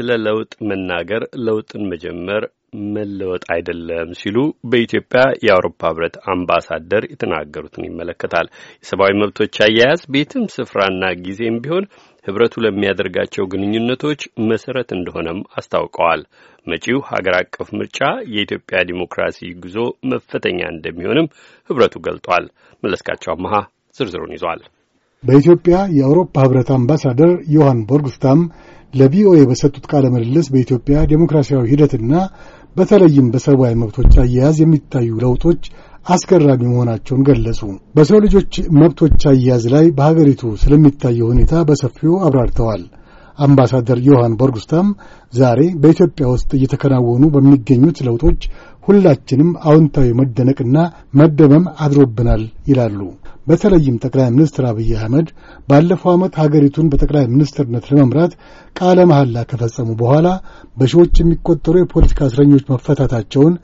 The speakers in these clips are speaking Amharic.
ስለ ለውጥ መናገር ለውጥን መጀመር መለወጥ አይደለም ሲሉ በኢትዮጵያ የአውሮፓ ህብረት አምባሳደር የተናገሩትን ይመለከታል። የሰብአዊ መብቶች አያያዝ ቤትም ስፍራና ጊዜም ቢሆን ህብረቱ ለሚያደርጋቸው ግንኙነቶች መሰረት እንደሆነም አስታውቀዋል። መጪው ሀገር አቀፍ ምርጫ የኢትዮጵያ ዲሞክራሲ ጉዞ መፈተኛ እንደሚሆንም ህብረቱ ገልጧል። መለስካቸው አመሃ ዝርዝሩን ይዟል። በኢትዮጵያ የአውሮፓ ህብረት አምባሳደር ዮሐን ቦርግስታም ለቪኦኤ በሰጡት ቃለ ምልልስ በኢትዮጵያ ዴሞክራሲያዊ ሂደትና በተለይም በሰብአዊ መብቶች አያያዝ የሚታዩ ለውጦች አስገራሚ መሆናቸውን ገለጹ። በሰው ልጆች መብቶች አያያዝ ላይ በሀገሪቱ ስለሚታየው ሁኔታ በሰፊው አብራርተዋል። አምባሳደር ዮሐን ቦርግስታም ዛሬ በኢትዮጵያ ውስጥ እየተከናወኑ በሚገኙት ለውጦች ሁላችንም አዎንታዊ መደነቅና መደመም አድሮብናል ይላሉ። በተለይም ጠቅላይ ሚኒስትር አብይ አህመድ ባለፈው ዓመት ሀገሪቱን በጠቅላይ ሚኒስትርነት ለመምራት ቃለ መሐላ ከፈጸሙ በኋላ በሺዎች የሚቆጠሩ የፖለቲካ እስረኞች መፈታታቸውን፣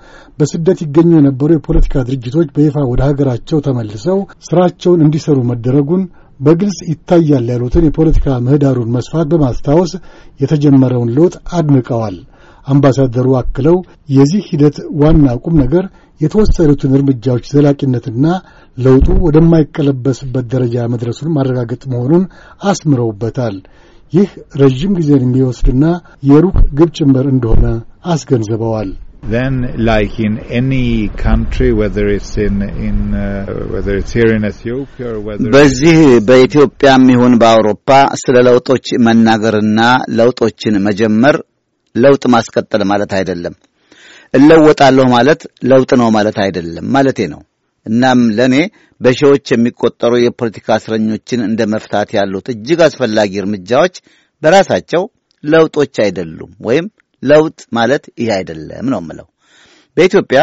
በስደት ይገኙ የነበሩ የፖለቲካ ድርጅቶች በይፋ ወደ ሀገራቸው ተመልሰው ስራቸውን እንዲሰሩ መደረጉን በግልጽ ይታያል ያሉትን የፖለቲካ ምህዳሩን መስፋት በማስታወስ የተጀመረውን ለውጥ አድንቀዋል። አምባሳደሩ አክለው የዚህ ሂደት ዋና ቁም ነገር የተወሰዱትን እርምጃዎች ዘላቂነትና ለውጡ ወደማይቀለበስበት ደረጃ መድረሱን ማረጋገጥ መሆኑን አስምረውበታል። ይህ ረዥም ጊዜን የሚወስድና የሩቅ ግብ ጭምር እንደሆነ አስገንዝበዋል። Then, like in any country, whether it's in in uh, whether it's here in Ethiopia or whether በዚህ በኢትዮጵያም ይሁን በአውሮፓ ስለ ለውጦች መናገርና ለውጦችን መጀመር ለውጥ ማስቀጠል ማለት አይደለም። እለወጣለሁ ማለት ለውጥ ነው ማለት አይደለም ማለቴ ነው። እናም ለእኔ በሺዎች የሚቆጠሩ የፖለቲካ እስረኞችን እንደ መፍታት ያሉት እጅግ አስፈላጊ እርምጃዎች በራሳቸው ለውጦች አይደሉም ወይም ለውጥ ማለት ይህ አይደለም ነው የምለው። በኢትዮጵያ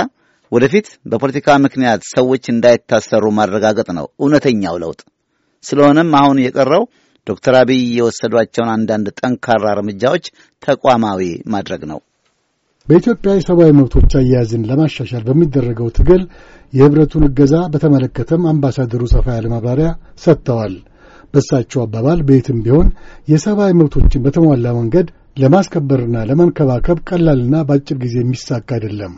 ወደፊት በፖለቲካ ምክንያት ሰዎች እንዳይታሰሩ ማረጋገጥ ነው እውነተኛው ለውጥ። ስለሆነም አሁን የቀረው ዶክተር አብይ የወሰዷቸውን አንዳንድ ጠንካራ እርምጃዎች ተቋማዊ ማድረግ ነው። በኢትዮጵያ የሰብአዊ መብቶች አያያዝን ለማሻሻል በሚደረገው ትግል የህብረቱን እገዛ በተመለከተም አምባሳደሩ ሰፋ ያለ ማብራሪያ ሰጥተዋል። በእሳቸው አባባል በየትም ቢሆን የሰብአዊ መብቶችን በተሟላ መንገድ ለማስከበርና ለመንከባከብ ቀላልና በአጭር ጊዜ የሚሳካ አይደለም።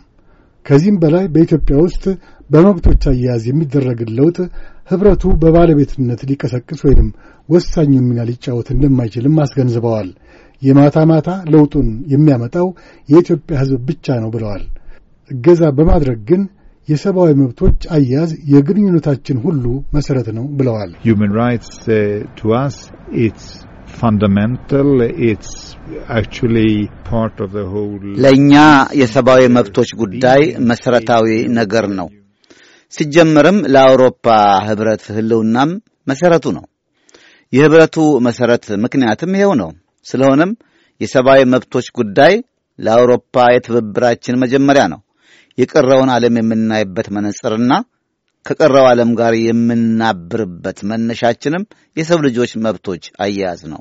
ከዚህም በላይ በኢትዮጵያ ውስጥ በመብቶች አያያዝ የሚደረግን ለውጥ ኅብረቱ በባለቤትነት ሊቀሰቅስ ወይንም ወሳኙ ሚና ሊጫወት እንደማይችልም አስገንዝበዋል። የማታ ማታ ለውጡን የሚያመጣው የኢትዮጵያ ሕዝብ ብቻ ነው ብለዋል። እገዛ በማድረግ ግን የሰብአዊ መብቶች አያያዝ የግንኙነታችን ሁሉ መሠረት ነው ብለዋል። ለእኛ የሰብአዊ መብቶች ጉዳይ መሠረታዊ ነገር ነው። ሲጀመርም ለአውሮፓ ኅብረት ህልውናም መሠረቱ ነው። የኅብረቱ መሠረት ምክንያትም ይኸው ነው። ስለሆነም የሰብአዊ መብቶች ጉዳይ ለአውሮፓ የትብብራችን መጀመሪያ ነው። የቀረውን ዓለም የምናይበት መነጽርና ከቀረው ዓለም ጋር የምናብርበት መነሻችንም የሰው ልጆች መብቶች አያያዝ ነው።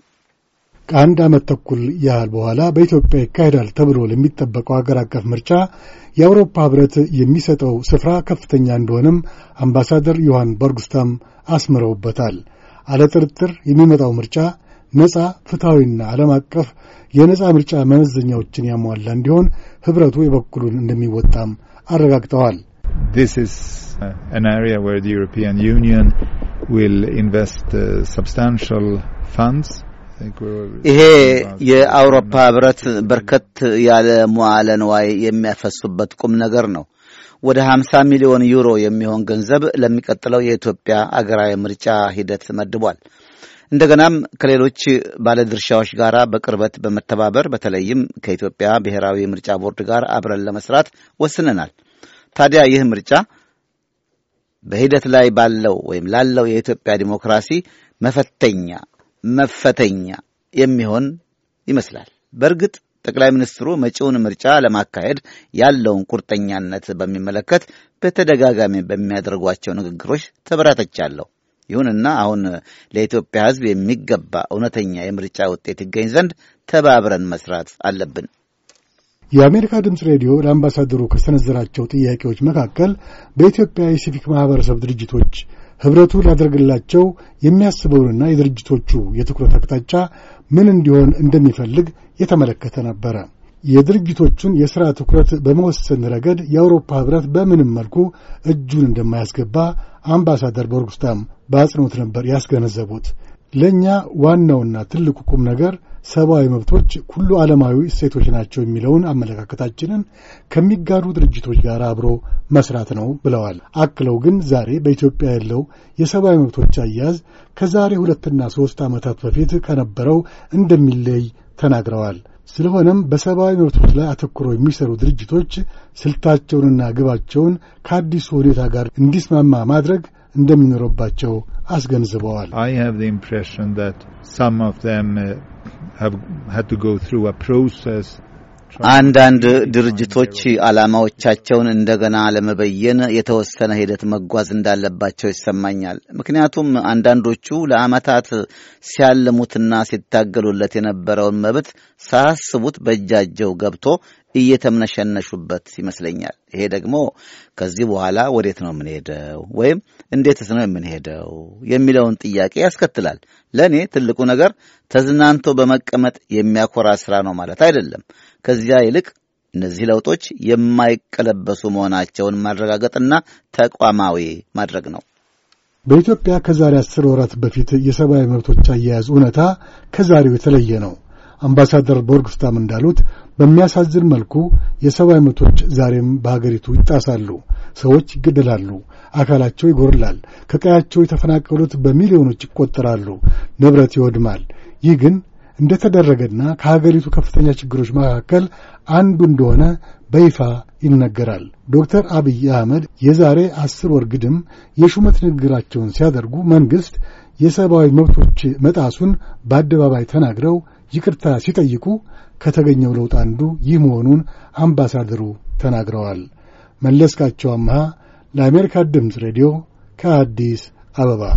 ከአንድ ዓመት ተኩል ያህል በኋላ በኢትዮጵያ ይካሄዳል ተብሎ ለሚጠበቀው አገር አቀፍ ምርጫ የአውሮፓ ህብረት የሚሰጠው ስፍራ ከፍተኛ እንደሆነም አምባሳደር ዮሐን በርጉስታም አስምረውበታል። አለጥርጥር የሚመጣው ምርጫ ነፃ ፍትሐዊና ዓለም አቀፍ የነፃ ምርጫ መመዘኛዎችን ያሟላ እንዲሆን ኅብረቱ የበኩሉን እንደሚወጣም አረጋግጠዋል። This is uh, an area where the European Union will invest uh, substantial funds. ይሄ የአውሮፓ ህብረት በርከት ያለ መዋለ ንዋይ የሚያፈሱበት ቁም ነገር ነው። ወደ 50 ሚሊዮን ዩሮ የሚሆን ገንዘብ ለሚቀጥለው የኢትዮጵያ አገራዊ ምርጫ ሂደት መድቧል። እንደገናም ከሌሎች ባለድርሻዎች ጋር በቅርበት በመተባበር በተለይም ከኢትዮጵያ ብሔራዊ ምርጫ ቦርድ ጋር አብረን ለመስራት ወስነናል። ታዲያ ይህ ምርጫ በሂደት ላይ ባለው ወይም ላለው የኢትዮጵያ ዲሞክራሲ መፈተኛ መፈተኛ የሚሆን ይመስላል። በእርግጥ ጠቅላይ ሚኒስትሩ መጪውን ምርጫ ለማካሄድ ያለውን ቁርጠኛነት በሚመለከት በተደጋጋሚ በሚያደርጓቸው ንግግሮች ተበራተቻለሁ። ይሁንና አሁን ለኢትዮጵያ ሕዝብ የሚገባ እውነተኛ የምርጫ ውጤት ይገኝ ዘንድ ተባብረን መስራት አለብን። የአሜሪካ ድምፅ ሬዲዮ ለአምባሳደሩ ከሰነዘራቸው ጥያቄዎች መካከል በኢትዮጵያ የሲቪክ ማህበረሰብ ድርጅቶች ኅብረቱ ሊያደርግላቸው የሚያስበውንና የድርጅቶቹ የትኩረት አቅጣጫ ምን እንዲሆን እንደሚፈልግ የተመለከተ ነበረ። የድርጅቶቹን የሥራ ትኩረት በመወሰን ረገድ የአውሮፓ ኅብረት በምንም መልኩ እጁን እንደማያስገባ አምባሳደር በርጉስታም በአጽንኦት ነበር ያስገነዘቡት። ለእኛ ዋናውና ትልቁ ቁም ነገር ሰብአዊ መብቶች ሁሉ ዓለማዊ እሴቶች ናቸው የሚለውን አመለካከታችንን ከሚጋሩ ድርጅቶች ጋር አብሮ መስራት ነው ብለዋል። አክለው ግን ዛሬ በኢትዮጵያ ያለው የሰብአዊ መብቶች አያያዝ ከዛሬ ሁለትና ሦስት ዓመታት በፊት ከነበረው እንደሚለይ ተናግረዋል። ስለሆነም በሰብአዊ መብቶች ላይ አተኩሮ የሚሰሩ ድርጅቶች ስልታቸውንና ግባቸውን ከአዲሱ ሁኔታ ጋር እንዲስማማ ማድረግ እንደሚኖርባቸው አስገንዝበዋል። አንዳንድ ድርጅቶች ዓላማዎቻቸውን እንደገና ለመበየን የተወሰነ ሂደት መጓዝ እንዳለባቸው ይሰማኛል። ምክንያቱም አንዳንዶቹ ለዓመታት ሲያልሙትና ሲታገሉለት የነበረውን መብት ሳያስቡት በእጃቸው ገብቶ እየተምነሸነሹበት ይመስለኛል። ይሄ ደግሞ ከዚህ በኋላ ወዴት ነው የምንሄደው ወይም እንዴትስ ነው የምንሄደው የሚለውን ጥያቄ ያስከትላል። ለእኔ ትልቁ ነገር ተዝናንቶ በመቀመጥ የሚያኮራ ስራ ነው ማለት አይደለም። ከዚያ ይልቅ እነዚህ ለውጦች የማይቀለበሱ መሆናቸውን ማረጋገጥና ተቋማዊ ማድረግ ነው። በኢትዮጵያ ከዛሬ አስር ወራት በፊት የሰብአዊ መብቶች አያያዝ እውነታ ከዛሬው የተለየ ነው። አምባሳደር ቦርግስታም እንዳሉት በሚያሳዝን መልኩ የሰብአዊ መብቶች ዛሬም በሀገሪቱ ይጣሳሉ። ሰዎች ይገደላሉ፣ አካላቸው ይጎርላል፣ ከቀያቸው የተፈናቀሉት በሚሊዮኖች ይቆጠራሉ፣ ንብረት ይወድማል። ይህ ግን እንደተደረገና ከሀገሪቱ ከፍተኛ ችግሮች መካከል አንዱ እንደሆነ በይፋ ይነገራል። ዶክተር አብይ አህመድ የዛሬ አስር ወር ግድም የሹመት ንግግራቸውን ሲያደርጉ መንግሥት የሰብአዊ መብቶች መጣሱን በአደባባይ ተናግረው ይቅርታ ሲጠይቁ ከተገኘው ለውጥ አንዱ ይህ መሆኑን አምባሳደሩ ተናግረዋል። መለስካቸው አምሃ ለአሜሪካ ድምፅ ሬዲዮ ከአዲስ አበባ